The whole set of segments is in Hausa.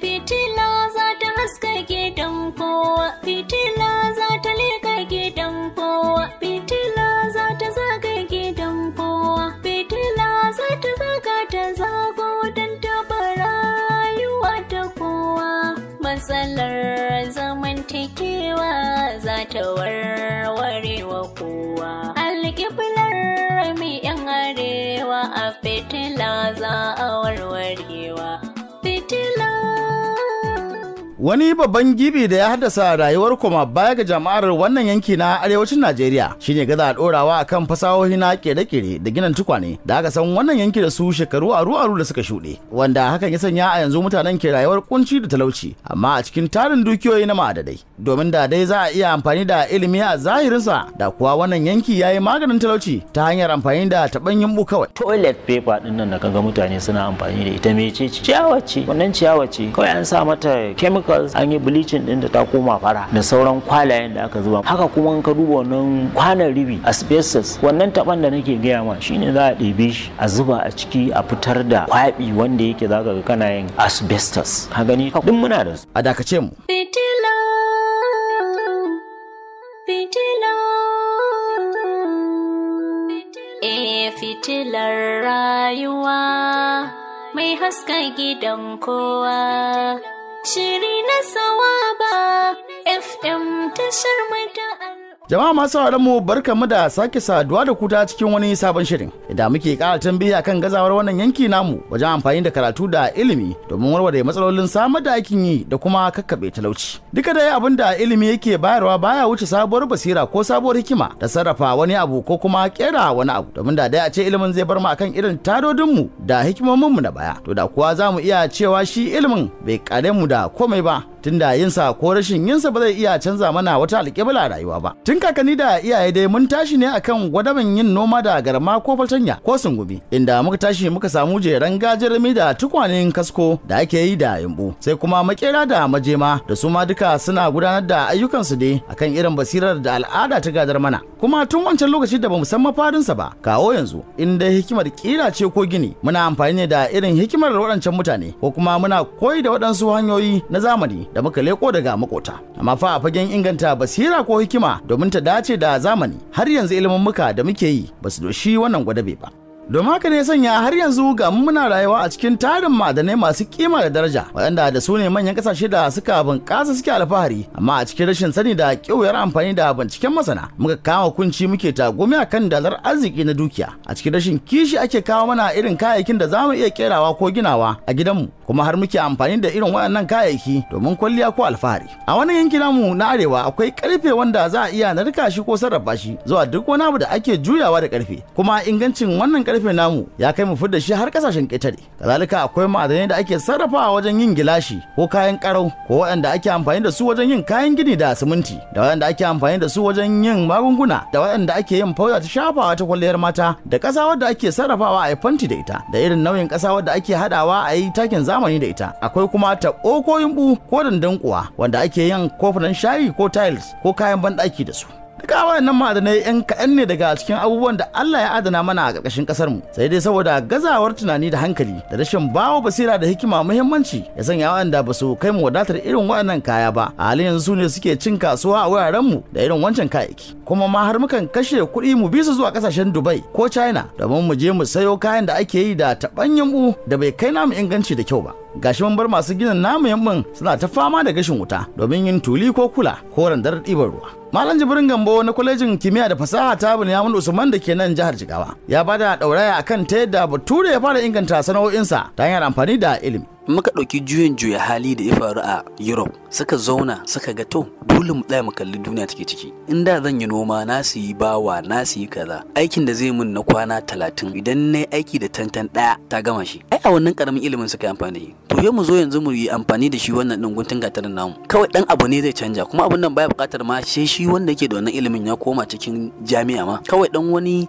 fitila za ta haska gidan kowa fitila za ta leka gidan kowa fitila za ta zaga gidan kowa fitila za ta zaga ta zago don taba rayuwa ta kowa matsalar zamantakewa za ta warware wa kowa alƙiblar mai yan arewa a fitila za a warware Wani babban gibi da ya haddasa rayuwar koma baya ga jama'ar wannan yanki na arewacin Najeriya shine gaza dorawa kan fasahohi na kere-kere da ginin tukwane da aka san wannan yanki da su shekaru aru-aru da suka shuɗe wanda hakan ya sanya a yanzu mutanen ke rayuwar kunci da talauci amma a cikin tarin dukiyoyi na ma'adadai domin da dai za a iya amfani da ilimi a zahirinsa da kuwa wannan yanki ya yi maganin talauci ta hanyar amfani da taɓan yumbu kawai. Toilet paper ɗin nan da kaga mutane suna amfani da ita mece ciyawa ce wannan ciyawa ce kawai an sa mata chemical an yi bleaching din da ta koma fara da sauran kwalayen da aka zuba haka kuma in ka duba wannan kwanan ribi asbestos wannan taban da nake gaya ma shine za a ɗebe shi a zuba a ciki a fitar da kwaɓi wanda yake ka ga kana yin asbestos ka gani duk muna da su a dakace mu eh, fitilar rayuwa mai haska gidan kowa shiri na sawaba fm tashar mai ta Jama'a masu sauraron mu barkamu da sake saduwa da kuta cikin wani sabon shirin. Idan muke ƙara tambaya kan gazawar wannan yanki namu wajen amfani da karatu da ilimi domin warware matsalolin samar da aikin yi da kuma kakkaɓe talauci. Duka dai abin da ilimi yake bayarwa baya wuce sabuwar basira ko sabuwar hikima da sarrafa wani abu ko kuma ƙera wani abu. Domin da dai a ce ilimin zai bar mu akan irin tadodin mu da hikimomin mu na baya. To da kuwa za mu iya cewa shi ilimin bai kare mu da komai ba tunda yinsa ko rashin yinsa ba zai iya canza mana wata alƙibla rayuwa ba tun kakanni da iyaye dai mun tashi ne akan gwadamin yin noma da garma ko fatanya ko sungumi inda muka tashi muka samu jeran gajirmi da tukwanen kasko da ake yi da yumbu sai kuma makera da majema da su ma duka suna gudanar da ayyukansu ne akan irin basirar da al'ada ta gadar mana kuma tun wancan lokaci da bamu san mafarinsa ba kawo yanzu in dai hikimar kira ce ko gini muna amfani ne da irin hikimar waɗancan mutane ko kuma muna koyi da waɗansu hanyoyi na zamani da muka leko daga makota amma fa a fagen inganta basira ko hikima domin ta dace da zamani har yanzu ilimin muka da muke yi ba su doshi wannan gwadabe ba domin haka ne sanya har yanzu ga muna rayuwa a cikin tarin madanai masu kima da daraja waɗanda da su ne manyan ƙasashe da suka bunƙasa suke alfahari amma a cikin rashin sani da kyauyar amfani da binciken masana muka kama kunci muke tagumi a kan dalar arziki na dukiya a cikin rashin kishi ake kawo mana irin kayayyakin da za mu iya ƙerawa ko ginawa a gidanmu kuma har muke amfani da irin waɗannan kayayyaki domin kwalliya ko alfahari a wani yankin namu na arewa akwai ƙarfe wanda za a iya narka shi ko sarrafa shi zuwa duk wani abu da ake juyawa da ƙarfe kuma ingancin wannan ƙarfe karfe namu ya kai mu da shi har kasashen ƙetare kazalika akwai ma'adanai da ake sarrafawa wajen yin gilashi ko kayan karau ko waɗanda ake amfani da su wajen yin kayan gini da siminti da waɗanda ake amfani da su wajen yin magunguna da waɗanda ake yin fauda ta shafawa ta kwalliyar mata da ƙasa wadda ake sarrafawa a yi fanti da ita da irin nauyin ƙasa wadda ake haɗawa a yi takin zamani da ita akwai kuma ta ko yumɓu ko dandankuwa wanda ake yin kofunan shayi ko tiles ko kayan banɗaki da su duka wannan ma'adanai yan kaɗan ne daga cikin abubuwan da Allah ya adana mana a ƙarƙashin ƙasar mu sai dai saboda gazawar tunani da hankali da rashin bawa basira da hikima muhimmanci ya sanya waɗanda ba su kai mu wadatar irin waɗannan kaya ba a halin yanzu su ne suke cin kasuwa a wuraren mu da irin wancan kayayyaki kuma ma har mukan kashe kuɗi mu bi su zuwa ƙasashen Dubai ko China domin mu je mu sayo kayan da ake yi da taɓanyen u da bai kai namu inganci da kyau ba gashi mun bar masu ginin namu yammin suna ta fama da gashin wuta domin yin tuli ko kula ko randar ɗibar ruwa Malam Jibrin Gambo na kwalejin kimiyya da fasaha ta Bunyamin Usman da ke nan jihar Jigawa ya bada dauraya akan ta yadda Bature ya fara inganta sana'o'insa ta hanyar amfani da ilimi. muka ɗauki juyin juya hali da ya faru a Europe suka zauna suka ga to dole mu tsaya mu kalli duniya take ciki in da zan yi noma na su yi bawa na su yi kaza aikin da zai mun na kwana talatin idan na aiki da tantan ɗaya ta gama shi ai a wannan karamin ilimin suka yi amfani to sai mu zo yanzu mu yi amfani da shi wannan ɗin guntun gatarin namu kawai dan abu ne zai canja kuma abun nan baya buƙatar ma sai shi wanda yake da wannan ilimin ya koma cikin jami'a ma kawai dan wani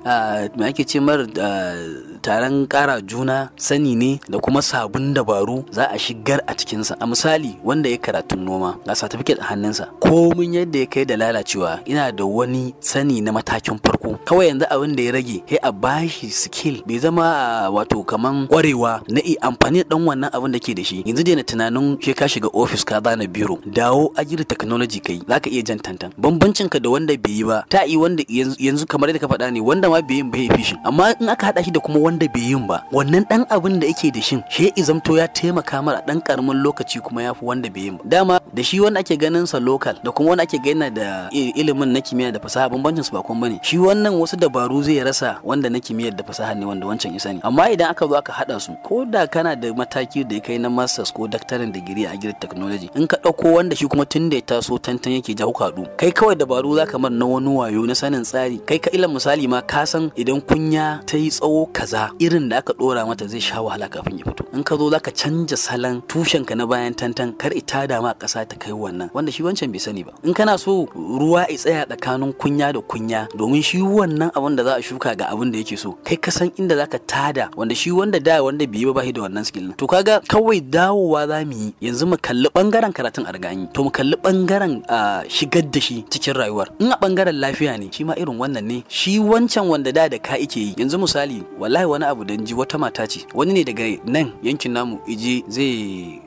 me ake ce mar taron ƙara juna sani ne da kuma sabon dabaru za a shigar a cikinsa a misali wanda ya karatun noma ga certificate a hannunsa komin yadda ya kai da lalacewa ina da wani sani na matakin farko kawai yanzu abin da ya rage sai a bashi skill bai zama ah, wato kaman kwarewa na i amfani da dan wannan abin da ke da shi yanzu na tunanin ke ka shiga office ka zana biro dawo ajiri technology kai zaka iya jan tantan bambancin ka da wanda bai yi ba ta yi wanda yanzu kamar da ka faɗa ne wanda ma bai ba bai fi shi amma in aka haɗa shi da kuma wanda bai yin ba wannan dan abin da yake da shin shi ya izamto ya taimaka mar a ɗan ƙaramin lokaci kuma ya fi wanda bai yi ba dama da shi wanda ake ganin sa local da kuma wanda ake gaina da ilimin na kimiyya da fasaha bambancin su ba kun bane shi wannan wasu dabaru zai rasa wanda na kimiyyar da fasaha ne wanda wancan isa ne amma idan aka zo aka haɗa su ko da kana da mataki da ya kai na masters ko doctorate degree a agri technology in ka ɗauko wanda shi kuma tun da ya taso tantan yake jahu kaɗu kai kawai dabaru za ka mar na wani wayo na sanin tsari kai ka ilan misali ma ka san idan kunya ta yi tsawo kaza irin da aka ɗora mata zai sha wahala kafin ya fito in ka zo zaka ka canja salon tushenka na bayan tantan kar ita da ma ƙasa ta kai wannan wanda shi wancan bai sani ba in kana so ruwa ya tsaya tsakanin kunya da kunya domin shi wannan abin da za a shuka ga abin da yake so kai ka san inda zaka tada wanda shi wanda da wanda bai ba shi da wannan skill to kaga kawai dawowa za mu yi yanzu mu kalli bangaren karatun argani to mu kalli bangaren shigar da shi cikin rayuwar in a bangaren lafiya ne shi ma irin wannan ne shi wancan wanda da da ka ike yi yanzu misali wallahi wani abu dan ji wata mata ce wani ne daga nan yankin namu iji je zai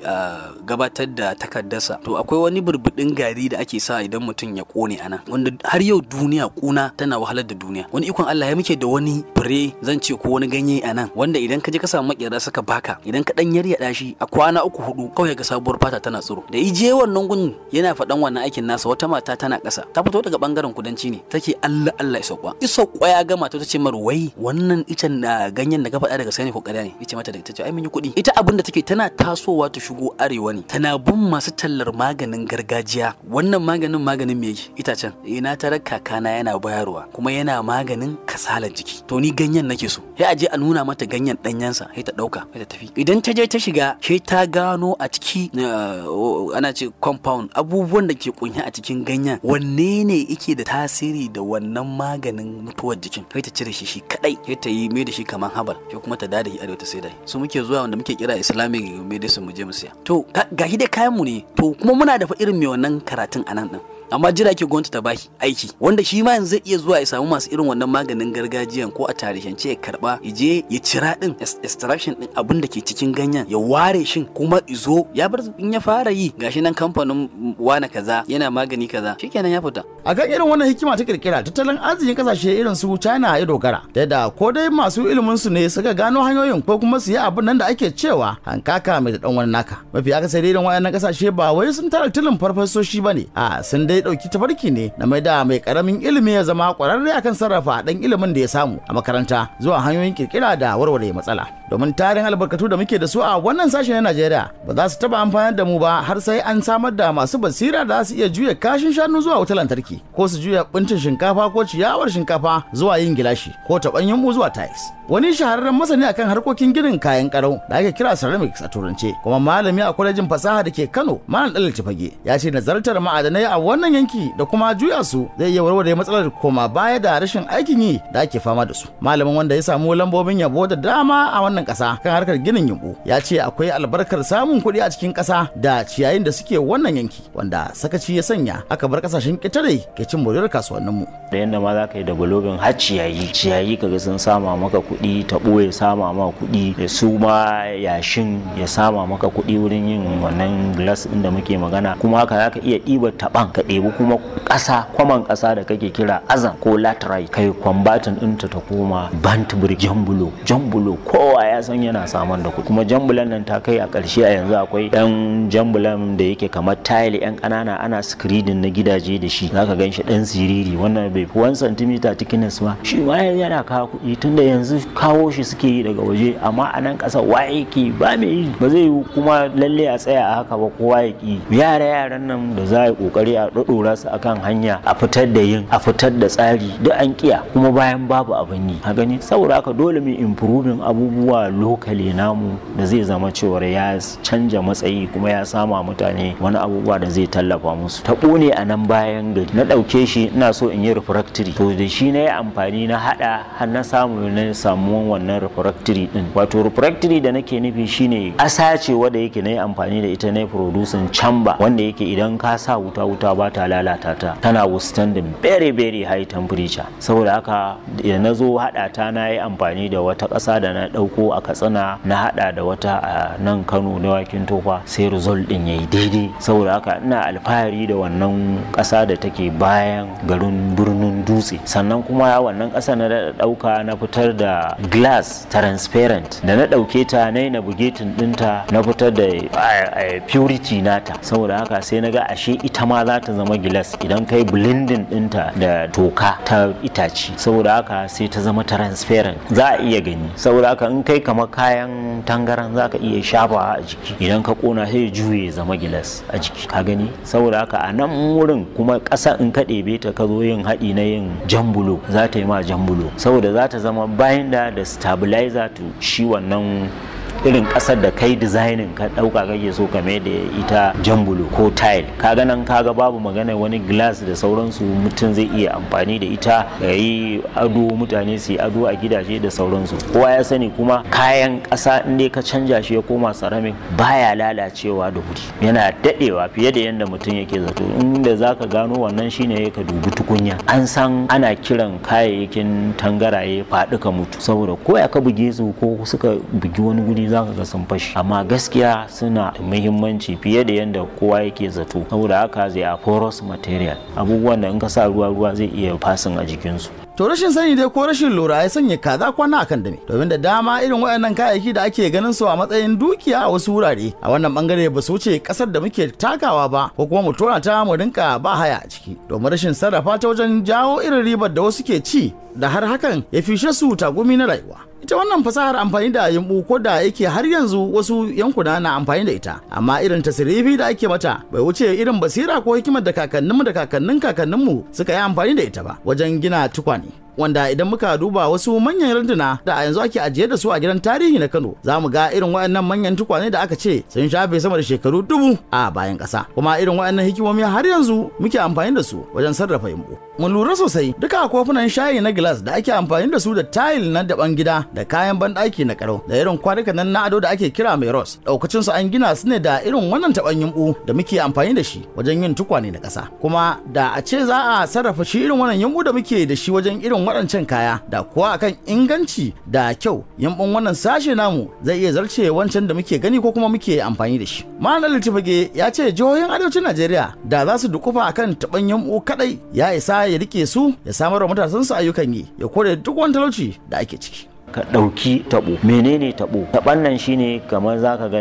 ah, gabatar da sa, to akwai wani burbudin gari da ake sa idan mutum ya kone anan wanda har yau duniya kuna tana wahalar da duniya wani ikon Allah ya muke da wani fure zan ce ko wani ganye anan wanda idan ka je ka samu makera suka baka idan ka dan yarya shi a kwana uku hudu kawai ga sabuwar fata tana tsiro da ije wannan gun yana faɗan wannan aikin nasa wata mata tana ƙasa ta fito daga bangaren kudanci ne take Allah Allah ya sauka isa kwaya ga mata ta ce mar wai wannan icen ah, ganyen da ka faɗa daga sai ne ko ne yace mata da ita ce ai mun yi kuɗi ita abinda take tana tasowa ta shigo arewa ne tana bin masu tallar maganin gargajiya wannan maganin maganin me itacen ina eh, tarar kakana yana bayarwa kuma yana maganin kasalar jiki to ni ganyen nake so sai a je a nuna mata ganyen sa sai ta dauka sai ta tafi idan ta je ta shiga sai ta gano a ciki eh, ana ce compound abubuwan da ke kunya a cikin ganyen wanne ne yake da tasiri da wannan maganin mutuwar jikin sai ta cire shi shi kadai sai ta yi mai da shi kamar habal sai kuma ta dada shi arewa ta sai dai su muke zuwa wanda muke kira islamic mai da su mu je mu siya to gashi dai kayan mu ne to kuma muna dafa irin mai wannan karatun anan din amma jira ke gwamnati ta bashi aiki wanda shi ma yanzu zai iya zuwa ya samu masu irin wannan maganin gargajiyan ko a tarihance ya karba ya je ya cira din extraction din abin da ke cikin ganyen ya ware shin kuma izo ya bar in ya fara yi gashi nan kamfanin wana kaza yana magani kaza shikenan ya fita kan irin wannan hikima ta kirkira tattalin arzikin kasashe irin su China ya dogara da da ko dai masu ilimin su ne suka gano hanyoyin ko kuma su yi abin nan da ake cewa hankaka mai da dan wani naka mafi akasari irin wayannan kasashe ba wai sun tara tilin farfasoshi bane a sun dai ya ɗauki tafarki ne na mai da mai ƙaramin ilimi ya zama ƙwararre akan sarrafa ɗan ilimin da ya samu a makaranta zuwa hanyoyin kirkira da warware matsala domin tarin albarkatu da muke da su a wannan sashen na Najeriya ba za su taba amfani da mu ba har sai an samar da masu basira da su iya juya kashin shanu zuwa wutar lantarki ko su juya buntin shinkafa ko ciyawar shinkafa zuwa yin gilashi ko taɓan mu zuwa tiles wani shahararren masani akan harkokin ginin kayan karau da ake kira ceramics a turance kuma malami a kwalejin fasaha da ke Kano Malam Dalil Tifage ya ce nazartar ma'adanai a wannan yanki da kuma juya su zai iya warware matsalar koma baya da rashin aikin yi da ake fama da su malamin wanda ya samu lambobin yabo da dama a wannan kasa kan harkar ginin yumbu ya ce akwai albarkar samun kuɗi a cikin kasa da ciyayin da suke wannan yanki wanda sakaci ya sanya aka bar kasashen ƙetare ke cin moriyar kasuwannin mu da yadda ma za ka yi da gulobin har ciyayi ciyayi kaga sun sama maka kuɗi taɓo ya sama ma kuɗi da su ma yashin ya sama maka kuɗi wurin yin wannan glass ɗin da muke magana kuma haka za ka iya ɗibar taɓan ka ɗebi kuma ƙasa kwaman ƙasa da kake kira azan ko laterite kai kwambatin ɗinta ta koma bantbir jambulo jambulo kowa ya san yana saman da kuɗi kuma jambulan nan ta kai a ƙarshe a yanzu akwai ɗan jambulan da yake kamar tile ɗan ƙanana ana sikiridin na gidaje da shi zaka gan shi ɗan siriri wannan bai fi 1 cm thickness ba shi ma yana kawo kuɗi tunda yanzu kawo shi suke yi daga waje amma a nan ƙasa waye ke ba me yi ba zai yi kuma lalle a tsaya a haka ba kowa ya ki yara yaran nan da za a yi ƙoƙari a ɗora su akan hanya a fitar da yin a fitar da tsari duk an kiya kuma bayan babu abin yi a gani saboda haka dole mu improving abubuwa lokali namu da zai zama cewar ya canja matsayi kuma ya sama mutane wani abubuwa da zai tallafa musu Ta ƙone a nan bayan gari na ɗauke shi ina so in yi refractory to da shi na yi amfani na haɗa har na samu na samu wannan refractory din wato refractory da nake nufi shine asa ce wanda yake na yi amfani da ita na producing chamber wanda yake idan ka sa wuta wuta ba ta lalata ta tana withstanding very very high temperature saboda haka da na zo haɗa ta na yi amfani da wata ƙasa da na ɗauko a katsina na haɗa da wata a nan kano na wakin tofa sai result din ya yi daidai saboda haka ina alfahari da wannan ƙasa da take bayan garin birnin dutse sannan kuma wannan ƙasa na ɗauka na fitar da glass transparent da na ɗauke ta na yi na bugetin ɗinta na fitar da eh, eh, purity nata saboda haka sai na ga ashe ita ma za ta zama gilas idan kai blending dinta da toka ta itace saboda haka sai ta zama transparent za a iya gani saboda haka in kai kamar kayan tangaran za ka iya shafa a jiki idan ka kona sai juye zama gilas a jiki ka gani saboda haka a nan wurin kuma ƙasa in ka ɗebe ta ka zo yin haɗi na yin jambulo za ta yi ma jambulo saboda za ta zama binder da stabilizer to shi wannan irin ƙasar da kai dizainin ka ɗauka kake so kame da ita jambulu ko tile kaga nan ga babu magana wani glass da sauransu mutum zai iya amfani da ita ya yi ado mutane su yi ado a gidaje da sauransu kowa ya sani kuma kayan ƙasa in dai ka canja shi ya koma ceramic baya lalacewa da wuri yana daɗewa fiye da yadda mutum yake zato inda zaka gano wannan shine ka dubi tukunya an san ana kiran kayayyakin tangaraye faɗi ka mutu saboda ko ya ka buge su ko suka bugi wani guri za ka ga sun fashi amma gaskiya suna da muhimmanci fiye da yadda kowa yake zato saboda haka zai a porous material abubuwan da in ka sa ruwa ruwa zai iya fasin a jikinsu to rashin sani dai ko rashin lura ya sanya kaza kwana akan dame domin da dama irin waɗannan kayayyaki da ake ganin su a matsayin dukiya a wasu wurare a wannan bangare ba su wuce kasar da muke takawa ba ko kuma mu tona ta mu rinka ba haya a ciki domin rashin sarrafa ta wajen jawo irin ribar da wasu ke ci da har hakan ya fishe su tagumi na rayuwa ita wannan fasahar amfani da yumbu ko da yake har yanzu wasu yankuna na amfani da ita amma irin tasirifi da ake mata bai wuce irin basira ko hikimar da kakanninmu da kakannin kakanninmu suka yi amfani da ita ba wajen gina tukwane wanda idan muka duba wasu manyan runduna da a yanzu ake ajiye da su a gidan tarihi na Kano za mu ga irin waɗannan manyan tukwane da aka ce sun shafe sama da shekaru dubu a bayan ƙasa kuma irin waɗannan hikimomi har yanzu muke amfani da su wajen sarrafa yumbu mun lura sosai duka kofunan shayi na glass da ake amfani da su da tayil na daban gida da kayan banɗaki na karo da irin kwanukan nan na ado da ake kira mai ros daukacin su an gina su ne da irin wannan taban yumbu da muke amfani da shi wajen yin tukwane na ƙasa kuma da a ce za a sarrafa shi irin wannan da muke da shi wajen irin waɗancan kaya da kuwa akan inganci da kyau yamban wannan sashe namu zai iya zarce wancan da muke gani ko kuma muke amfani da shi ma'anar litifage ya ce jihohin arewacin najeriya da za su dukufa akan taɓan yamɓu kaɗai ya isa ya rike su ya samar wa matasansu ayyukan yi ya kore duk wani talauci da ake ciki ka ɗauki taɓo menene taɓo taɓan nan shine kamar za ka ga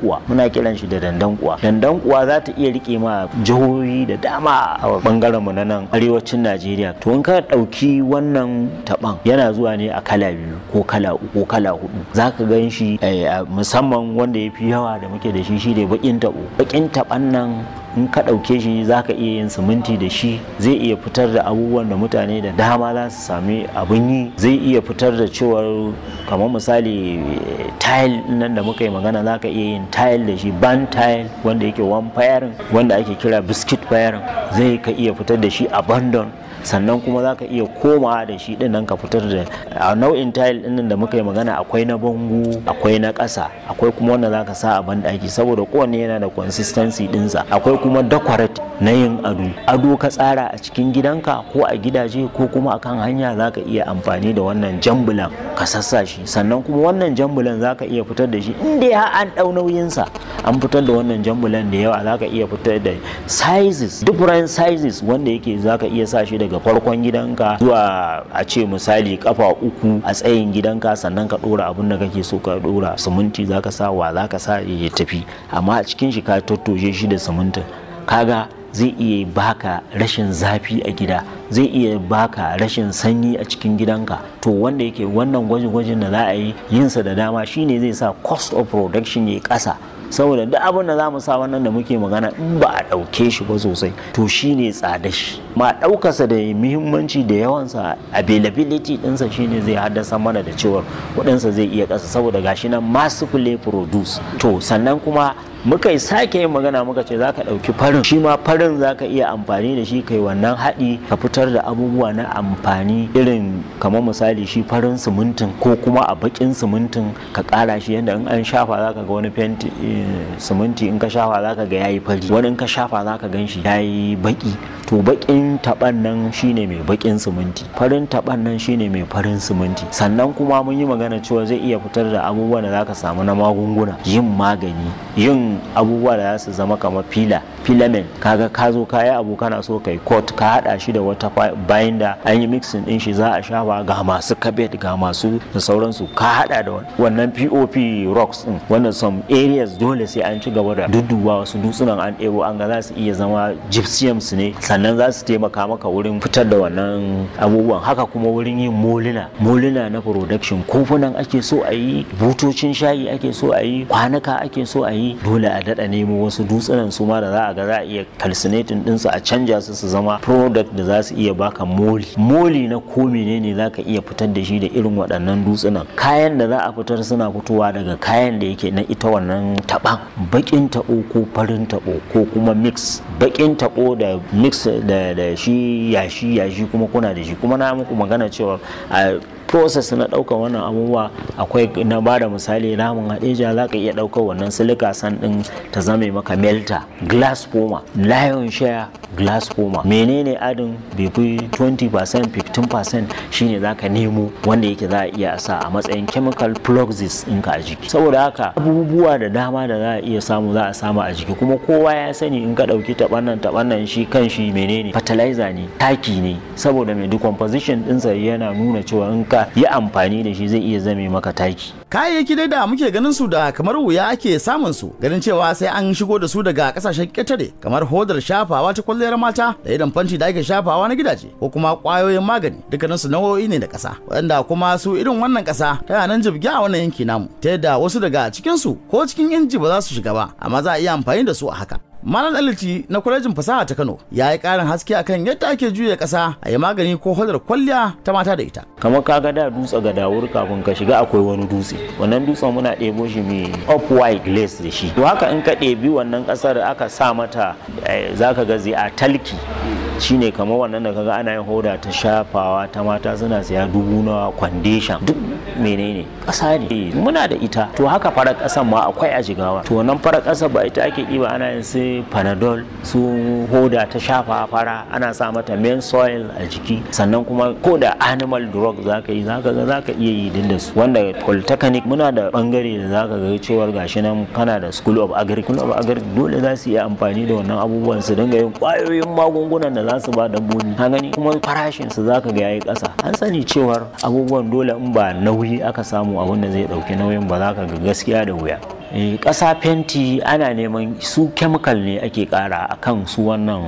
kuwa muna kiran shi da dandan dandankuwa dandankuwa za ta iya rike ma jihohi da dama a bangaren mu na nan arewacin najeriya to in ka ɗauki wannan taɓan yana zuwa ne a kala biyu ko kala uku ko kala hudu za ka gan shi eh, musamman wanda yafi yawa da muke da shi shi ne baƙin taɓo bakin taɓan nan in ka ɗauke shi za ka iya yin siminti da shi zai iya fitar da abubuwan da mutane da dama za su sami abin yi zai iya fitar da cewar kamar misali eh, tile nan da muka yi magana za ka iya yin tile da shi ban tile wanda yake one firing wanda ake kira biscuit firing zai ka iya fitar da shi abandon sannan kuma za ka iya komawa da shi din nan ka fitar da a nau'in tile din da muka yi magana akwai na bango akwai na ƙasa akwai kuma wanda za ka sa a banɗaki saboda kowanne yana da consistency dinsa akwai kuma decorate na yin ado ado ka tsara a cikin gidanka ko a gidaje ko kuma akan hanya za ka iya amfani da wannan jambulan ka sassa shi sannan kuma wannan jambulan za ka iya fitar da shi in dai har an ɗau nauyinsa an fitar da wannan jambulan da yawa za ka iya fitar da sizes different sizes wanda yake za ka iya sa shi daga daga farkon gidanka zuwa a ce misali kafa uku a tsayin gidanka sannan ka dora abin da kake so ka dora siminti zaka sa wa zaka sa ya tafi amma a cikin shi ka tattoje shi da simintin kaga zai iya baka rashin zafi a gida zai iya baka rashin sanyi a cikin gidanka to wanda yake wannan gwajin-gwajin da za a yi yinsa da dama shine zai sa cost of production ya ƙasa. saboda duk abin da za mu sa wannan da muke magana in ba a ɗauke shi ba sosai to shine tsada shi ma ɗaukarsa da muhimmanci da yawansa availability ɗinsa shine zai haddasa mana da cewar kuɗinsa zai iya ƙasa saboda gashi nan masu play produce to sannan kuma muka yi sake yin magana muka ce zaka ɗauki farin shi ma farin zaka iya amfani da shi kai wannan haɗi ka fitar da abubuwa na amfani irin kamar misali shi farin simintin ko kuma a bakin simintin ka ƙara shi yadda in an shafa za ka ga wani fenti eh, siminti in ka shafa za ka ga yayi fari wani in ka shafa za ka gan shi yayi baƙi. to baƙin taban nan shine mai bakin siminti farin taɓan nan shine mai farin siminti sannan kuma mun yi magana cewa zai iya fitar da abubuwa da za ka samu na magunguna yin magani yin abubuwa da za su zama kamar fila filament kaga ka zo ka yi abu kana so kai coat ka hada shi da wata binder an yi mixing din shi za a shafa ga masu kabet ga masu da sauransu ka hada da wannan pop rocks din wannan some areas dole sai an ci gaba da dudduba wasu dutsunan an ebo an ga za su iya zama gypsums ne sannan za su taimaka maka wurin fitar da wannan abubuwan haka kuma wurin yin molina molina na production kofunan ake so a yi butocin shayi ake so a yi kwanaka ake so a yi dole a daɗa nemo wasu dutsunan su ma da za a ga za a iya calcinating dinsu a canja su su zama product da za su iya baka moli moli na ko ne za ka iya fitar da shi da irin waɗannan dutsunan kayan da za a fitar suna fitowa daga kayan da yake na ita wannan taɓa baƙin taɓo ko farin taɓo ko kuma mix baƙin taɓo da mix da shi yashi yashi kuma kuna da shi kuma na muku magana cewa process na ɗaukar wannan abubuwa akwai na ba da misali namun hadeja za ka iya ɗaukar wannan silika san ɗin ta zame maka melta glass foma lion share glass foma menene adin bai fi 20% 15% shine zaka nemo wanda yake za a iya sa a matsayin chemical in ka a jiki saboda haka abubuwa da dama da za a iya samu za a samu a jiki kuma kowa ya sani in ka ɗauki taɓannan taɓannan shi kan shi menene fertilizer ne taki ne saboda mai decomposition ɗinsa yana nuna cewa in ka yi amfani da shi zai iya zame maka taki kayayyaki dai da muke ganin su da kamar wuya ake samun su ganin cewa sai an shigo da su daga kasashen ƙetare kamar hodar shafawa ta kwalliyar mata da idan fanci da ake shafawa na gidaje ko kuma ƙwayoyin magani dukkanin su nau'o'i ne da ƙasa waɗanda kuma su irin wannan ƙasa tana nan jibge a wannan yanki namu ta yadda wasu daga cikin su ko cikin inji ba za su shiga ba amma za a iya amfani da su a haka Malam Aliti na kwalejin fasaha ta Kano ya yi karin haske akan yadda ake juya kasa a yi magani ko hodar kwalliya ta mata da ita. Kamar kaga da dutse ga dawur kafin ka shiga akwai wani dutse. Wannan dutsen muna ɗebo shi mai up white lace da shi. To haka in ka ɗebi wannan ƙasar aka sa mata eh, zaka ga a talki. shine kamar wannan da kaga ana yin hoda ta shafawa ta mata suna siya dubu na kwandeshan duk menene ƙasa ne eh, muna da ita to haka farar ƙasan ma akwai a jigawa to wannan farar ƙasa ba ita ake ɗiba ana yin sai panadol su hoda ta shafa fara ana sa mata main soil a jiki sannan kuma ko da animal drug zaka yi zaka ga zaka iya yi din da su wanda polytechnic muna da bangare da zaka ga cewar gashi nan kana da school of agric school dole za su yi amfani da wannan abubuwan su dinga yin kwayoyin magungunan da za su ba dabbobi ka gani kuma farashin su zaka ga yayi kasa an sani cewar abubuwan dole in ba nauyi aka samu abun da zai dauki nauyin ba zaka ga gaskiya da wuya eh, ƙasa fenti ana neman su chemical ne ake kara kan su wannan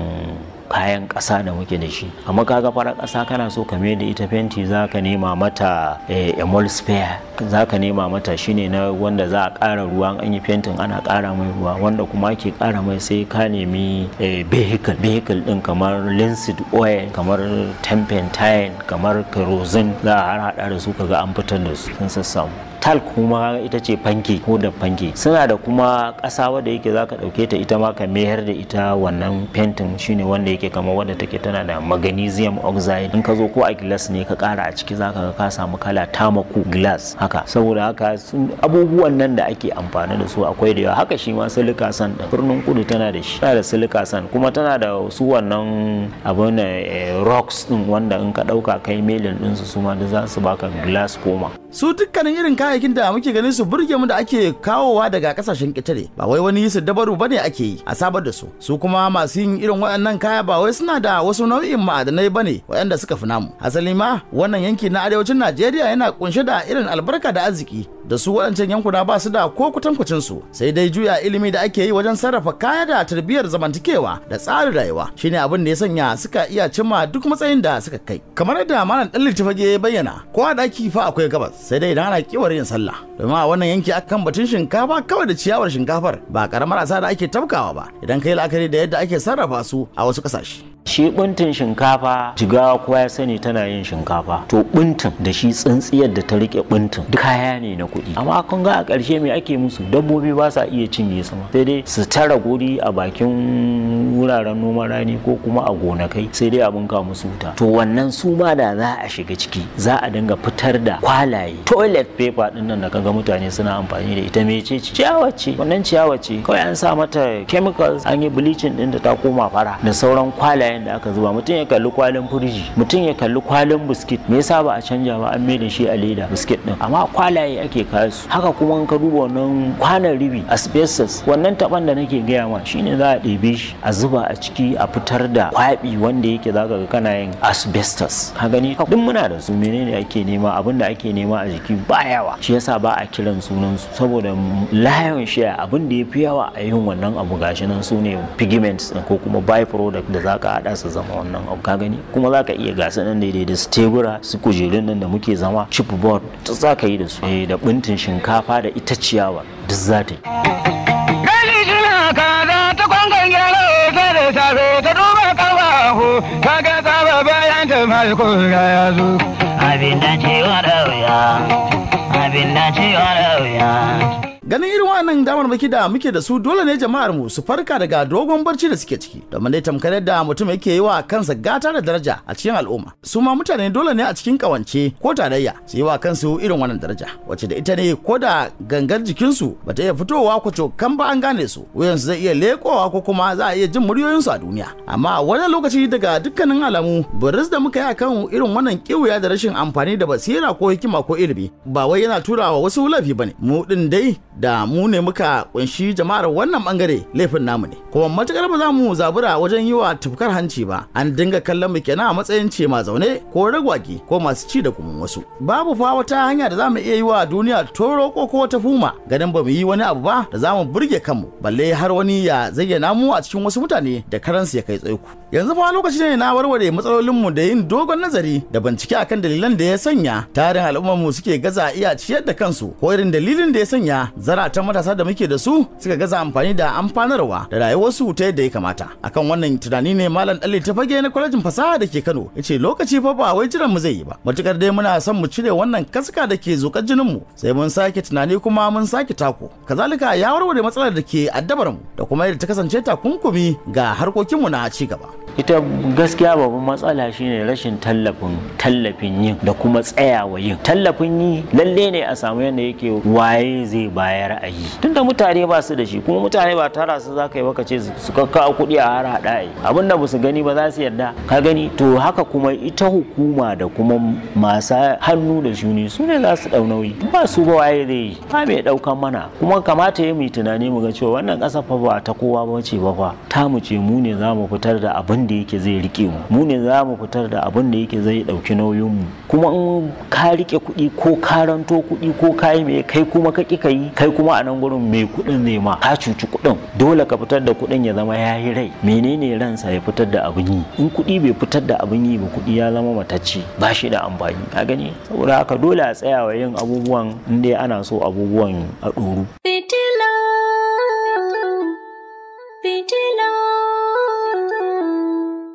kayan ƙasa da muke da shi amma kaga farar ƙasa kana so ka da ita fenti za ka nema mata eh, emulsifier za ka nema mata shine na wanda za a ƙara ruwa an yi fentin ana ƙara mai ruwa wanda kuma ake ƙara mai sai ka nemi eh, vehicle vehicle din kamar linseed oil kamar tempentine kamar kerosene za a harhaɗa da su kaga an fitar da su sun sassamu talc kuma ita ce fanke ko da fanke suna da kuma ƙasa wadda yake za ka ɗauke ta ita ma ka mayar da ita wannan fentin shine wanda yake kama wadda take tana da magnesium oxide in ka zo ko a glass ne ka ƙara a ciki za ka ka samu kala tamako glass haka saboda haka abubuwan nan da ake amfani da su akwai da yawa haka shi ma silica san birnin kudu tana da shi da silica san kuma tana da su wannan abin eh, rocks din wanda in ka ɗauka kai melin ɗinsu su ma da za su baka glass koma su dukkanin irin kayayyakin da muke ganin su burge mu da ake kawowa daga kasashen ƙetare ba wai wani su dabaru bane ake yi a sabar da su su kuma masu yin irin waɗannan kaya ba wai suna da wasu nau'in ma'adanai bane waɗanda suka fi namu asali ma wannan yanki na arewacin Najeriya yana kunshe da irin albarka da arziki da su waɗancan yankuna ba su da ko kutankucin su sai dai juya ilimi da ake yi wajen sarrafa kaya da tarbiyyar zamantakewa da tsarin rayuwa shine abin da ya sanya suka iya cimma duk matsayin da suka kai kamar yadda malam dan littafage ya bayyana ko a daki fa akwai gabas sai dai idan ana kiwar yin sallah domin a wannan yanki akan batun shinkafa kawai da ciyawar shinkafar ba karamar asa da ake tafkawa ba idan kai la'akari da yadda ake sarrafa su a wasu ƙasashe shi buntun shinkafa jigawa kowa ya sani tana yin shinkafa to buntun da shi tsintsiyar da ta rike buntun duk kaya ne na kuɗi amma kun ga a ƙarshe mai ake musu dabbobi ba sa iya cinye su ma sai dai su tara guri a bakin wuraren noman rani ko kuma a gonakai sai dai abin ka musu wuta to wannan su ma da za a shiga ciki za a dinga fitar da kwalaye toilet paper din nan da kaga mutane suna amfani da ita mece ce ciyawa ce wannan ciyawa ce kawai an sa mata chemicals an yi bleaching ɗin da ta koma fara da sauran kwalaye kayan da aka zuba mutum ya kalli kwalin firji mutum ya kalli kwalin biskit me yasa ba a canja ba an mai da shi a leda biskit din amma kwalaye ake kasu haka kuma ka duba wannan kwanan ribi asbestos wannan taban da nake gaya ma shine za a ɗebe shi a zuba a ciki a fitar da kwaɓi wanda yake zaka ga kana yin asbestos ka gani duk muna da su menene ake nema abin da ake nema a jiki ba yawa shi yasa ba a kiran sunan su saboda layon shi abin da ya fi yawa a yin wannan abu gashi nan su ne pigments ko kuma byproduct da zaka hada su zama wannan abu ka gani kuma za ka iya gasa nan daidai da su tebura su kujerun nan da muke zama chipboard duk za ka yi da su eh, da bintin shinkafa da ita ciyawa duk za ta yi ta ga ta mai kura ya zo abin da ce wa da wuya abin da ce wa ganin irin wannan damarmaki da muke da su dole ne jama'ar mu su farka daga dogon barci da suke ciki domin dai tamkar yadda mutum yake yi wa kansa gata da daraja a cikin al'umma su ma mutane dole ne a cikin kawance ko tarayya su yi wa kansu irin wannan daraja wacce da ita ne ko da gangar jikinsu ba ta iya fitowa kwacokan ba an gane su wuyansu zai iya lekowa ko kuma za a iya jin muryoyinsu a duniya amma wani lokaci daga dukkanin alamu baris da muka yi akan irin wannan kiwuya da rashin amfani da basira ko hikima ko ilimi ba wai yana turawa wasu lafi bane mu din dai da mu ne muka kunshi jama'ar wannan bangare laifin namu ne kuma matukar ba za mu zabura wajen yi wa tufkar hanci ba an dinga kallon mu kenan a matsayin ce ma zaune ko ragwaki ko masu ci da kuma wasu babu fa wata hanya da za mu iya yi wa duniya toro ko ko ta fuma ganin ba mu yi wani abu ba da za mu burge kanmu balle har wani ya zayyana mu a cikin wasu mutane da karansu ya kai tsaiku yanzu fa lokaci ne na warware matsalolinmu da yin dogon nazari da bincike akan dalilan da ya sanya tarin mu suke gaza iya ciyar da kansu ko irin dalilin da ya sanya zaratan matasa da muke da su suka gaza amfani da amfanarwa da rayuwarsu ta yadda ya kamata akan wannan tunani ne malam ɗalle ta fage na kwalejin fasaha da ke Kano yace lokaci fa ba wai jiran mu zai yi ba matukar dai muna son mu cire wannan kaska da ke zukar jinin mu sai mun sake tunani kuma mun sake tako kazalika ya warware matsalar da ke addabar mu da kuma yadda ta kasance takunkumi ga harkokin mu na ci gaba ita gaskiya babban matsala shine rashin tallafin tallafin yin da kuma tsayawa yin tallafin yi lalle ne a samu yadda yake waye zai baya. bayar a tunda mutane ba su da shi kuma mutane ba tara su za ka yi maka ce su kakka kuɗi a har haɗa yi abin da ba su gani ba za su yarda ka gani to haka kuma ita hukuma da kuma masu hannu da shuni su ne za su ɗau nauyi ba su ba waye zai yi ba mai ɗaukan mana kuma kamata ya mu tunani mu ga cewa wannan ƙasa fa ba ta kowa ba ce ba fa ta mu ce mu ne za mu fitar da abin da yake zai rike mu mu ne za mu fitar da abin da yake zai ɗauki nauyin mu kuma in ka rike kuɗi ko ka ranto kuɗi ko ka yi mai kai kuma ka ƙi ka yi kai kuma a nan gurin mai kuɗin ne ma ka cuci kuɗin dole ka fitar da kuɗin ya zama ya yi rai menene ransa ya fitar da abin yi in kuɗi bai fitar da abin yi ba kuɗi ya zama matacce ba shi da amfani a gani saboda haka dole a tsaya wa yin abubuwan in dai ana so abubuwan a ɗoru.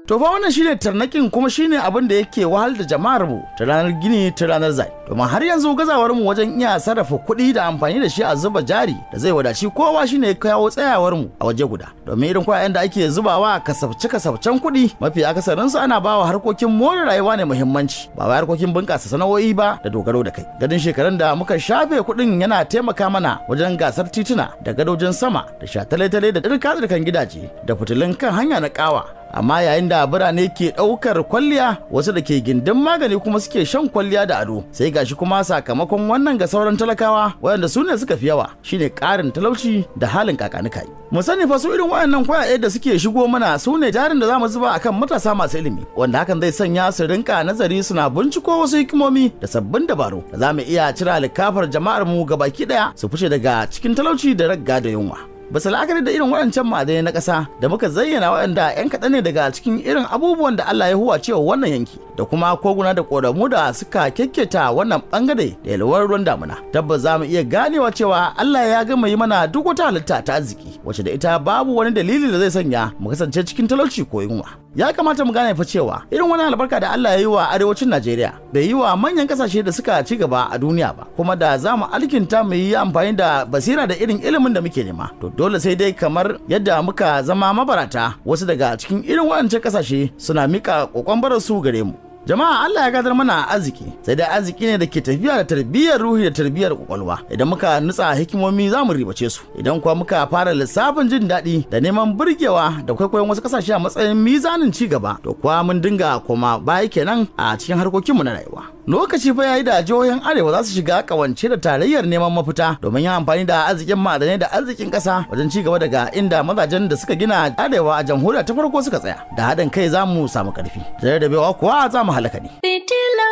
To fa wannan shine tarnakin kuma shine abin da yake wahal da jama'ar mu ta ranar gini ta ranar zai. domin har yanzu gazawar mu wajen iya sarrafa kuɗi da amfani da shi a zuba jari da zai wadaci kowa shine kawo tsayawar mu a waje guda domin irin kwayan da ake zubawa kasafce kasafcen kuɗi mafi akasarin su ana bawa harkokin more rayuwa ne muhimmanci ba wai harkokin bunƙasa sana'o'i ba da dogaro da kai gadin shekarun da muka shafe kuɗin yana taimaka mana wajen gasar tituna da gadojin sama da shatale-tale da tsirka gidaje da fitilun kan hanya na ƙawa amma yayin da birane ke ɗaukar kwalliya wasu da ke gindin magani kuma suke shan kwalliya da ado sai ga gashi kuma sakamakon wannan ga sauran talakawa waɗanda su ne suka fi yawa shine ƙarin talauci da halin kakanuka mu sani fa su irin waɗannan kwayaye da suke shigo mana su ne jarin da zamu zuba akan matasa masu ilimi wanda hakan zai sanya su rinka nazari suna binciko wasu hikimomi da sabbin dabaru da zamu iya cira likafar jama'ar mu gabaki daya su fice daga cikin talauci da ragga da yunwa ba su la'akari da irin waɗancan ma'adanai na ƙasa da muka zayyana waɗanda 'yan kaɗan ne daga cikin irin abubuwan da Allah ya huwa cewa wannan yanki da kuma koguna da ƙoramu da suka kyakketa wannan bangare da yalwar ruwan damuna tabbas za mu iya ganewa cewa Allah ya gama yi mana duk wata halitta ta arziki wacce da ita babu wani dalili da zai sanya mu kasance cikin talauci ko yunwa ya kamata mu gane fa cewa irin wani albarka da Allah ya yi wa arewacin Najeriya bai yi wa manyan kasashe da suka ci gaba a duniya ba kuma da za mu alkinta mu yi amfani da basira da irin ilimin da muke nema to dole sai dai kamar yadda muka zama mabarata wasu daga cikin irin waɗancan kasashe suna mika kokon su gare mu jama'a Allah ya gadar mana arziki sai dai arziki ne da ke tafiya da tarbiyyar ruhi da tarbiyyar kwakwalwa idan muka nutsa hikimomi za mu ribace su idan kuwa muka fara lissafin jin daɗi da neman burgewa da kwaikwayon wasu kasashe a matsayin mizanin ci gaba to kuwa mun dinga koma baya kenan a cikin harkokinmu na rayuwa lokaci fa yayi da jihohin arewa za su shiga kawance da tarayyar neman mafita domin yin amfani da arzikin ma'adanai da arzikin kasa wajen ci gaba daga inda mazajen da suka gina arewa a jamhuriya ta farko suka tsaya da haɗin kai za mu samu ƙarfi da rabewa kuwa za mu halaka ne. Fitila,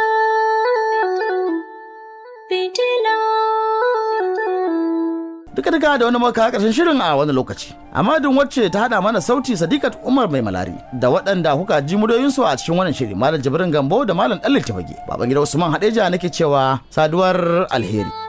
fitila. duka duka da wani maka karshen shirin a wani lokaci amma din wacce ta hada mana sauti sadikat umar mai malari da waɗanda kuka ji muryoyinsu a cikin wannan shiri malam jibrin gambo da malam dalil tafage baban gida usman hadeja nake cewa saduwar alheri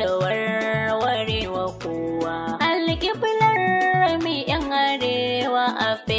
da warwarewa kowa alƙiblar mai yan arewa a